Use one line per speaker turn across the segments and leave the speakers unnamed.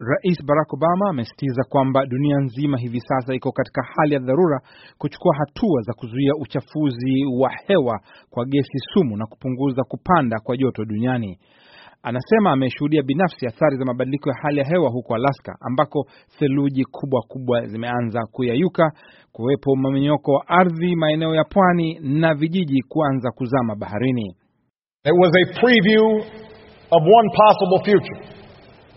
Rais Barack Obama amesisitiza kwamba dunia nzima hivi sasa iko katika hali ya dharura kuchukua hatua za kuzuia uchafuzi wa hewa kwa gesi sumu na kupunguza kupanda kwa joto duniani. Anasema ameshuhudia binafsi athari za mabadiliko ya hali ya hewa huko Alaska ambako theluji kubwa kubwa zimeanza kuyayuka, kuwepo mmomonyoko wa ardhi maeneo ya pwani na vijiji kuanza kuzama baharini.
It was a preview
of one possible future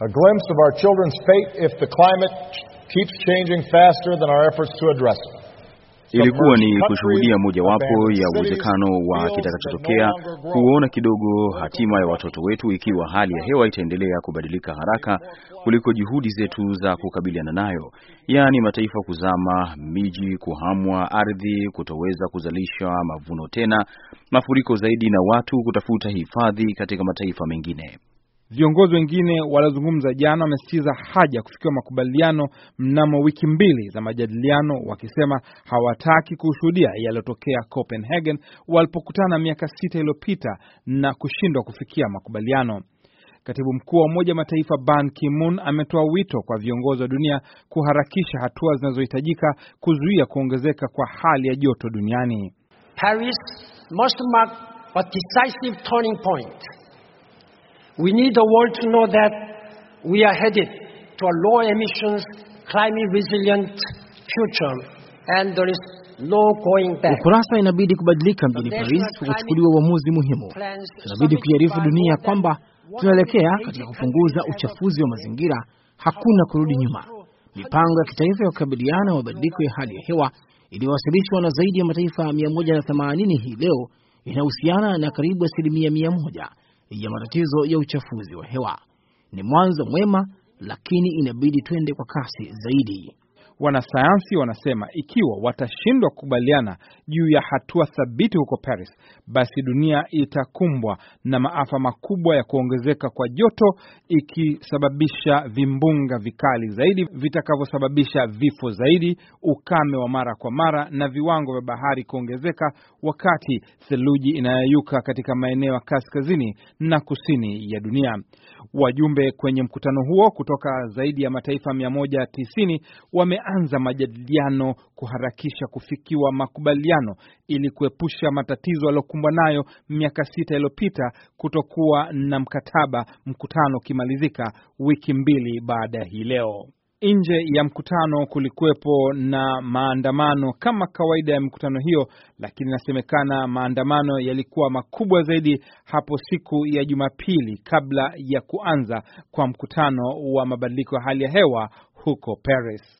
a glimpse of our children's fate if the climate keeps changing faster than our efforts to address it.
Ilikuwa ni kushuhudia mojawapo ya uwezekano wa kitakachotokea, kuona kidogo hatima ya watoto wetu ikiwa hali ya hewa itaendelea kubadilika haraka kuliko juhudi zetu za kukabiliana nayo, yaani mataifa kuzama, miji kuhamwa, ardhi kutoweza kuzalisha mavuno tena, mafuriko zaidi na watu kutafuta hifadhi katika mataifa mengine.
Viongozi wengine waliozungumza jana wamesitiza haja ya kufikiwa makubaliano mnamo wiki mbili za majadiliano, wakisema hawataki kushuhudia yaliyotokea Copenhagen walipokutana miaka sita iliyopita na kushindwa kufikia makubaliano. Katibu mkuu wa Umoja Mataifa Ban Ki-moon ametoa wito kwa viongozi wa dunia kuharakisha hatua zinazohitajika kuzuia kuongezeka kwa hali ya joto duniani.
Paris must mark a decisive turning point. We need the world to know that we are headed to a low emissions, climate resilient future and there is no going back. Ukurasa inabidi kubadilika mjini Paris kuchukuliwa uamuzi muhimu. Inabidi kuiarifu dunia kwamba tunaelekea katika kupunguza uchafuzi wa mazingira. Hakuna kurudi nyuma. Mipango ya kitaifa ya kukabiliana na mabadiliko ya hali ya hewa iliyowasilishwa na zaidi ya mataifa 180 hii leo inahusiana na karibu asilimia
mia moja ya matatizo ya uchafuzi wa hewa. Ni mwanzo mwema, lakini inabidi twende kwa kasi zaidi. Wanasayansi wanasema ikiwa watashindwa kukubaliana juu ya hatua thabiti huko Paris, basi dunia itakumbwa na maafa makubwa ya kuongezeka kwa joto, ikisababisha vimbunga vikali zaidi vitakavyosababisha vifo zaidi, ukame wa mara kwa mara, na viwango vya bahari kuongezeka wakati theluji inayoyuka katika maeneo ya kaskazini na kusini ya dunia. Wajumbe kwenye mkutano huo kutoka zaidi ya mataifa 190 wame kuanza majadiliano kuharakisha kufikiwa makubaliano ili kuepusha matatizo aliyokumbwa nayo miaka sita iliyopita kutokuwa na mkataba, mkutano ukimalizika wiki mbili baada ya hii leo. Nje ya mkutano kulikuwepo na maandamano kama kawaida ya mikutano hiyo, lakini inasemekana maandamano yalikuwa makubwa zaidi hapo siku ya Jumapili kabla ya kuanza kwa mkutano wa mabadiliko ya hali ya hewa huko Paris.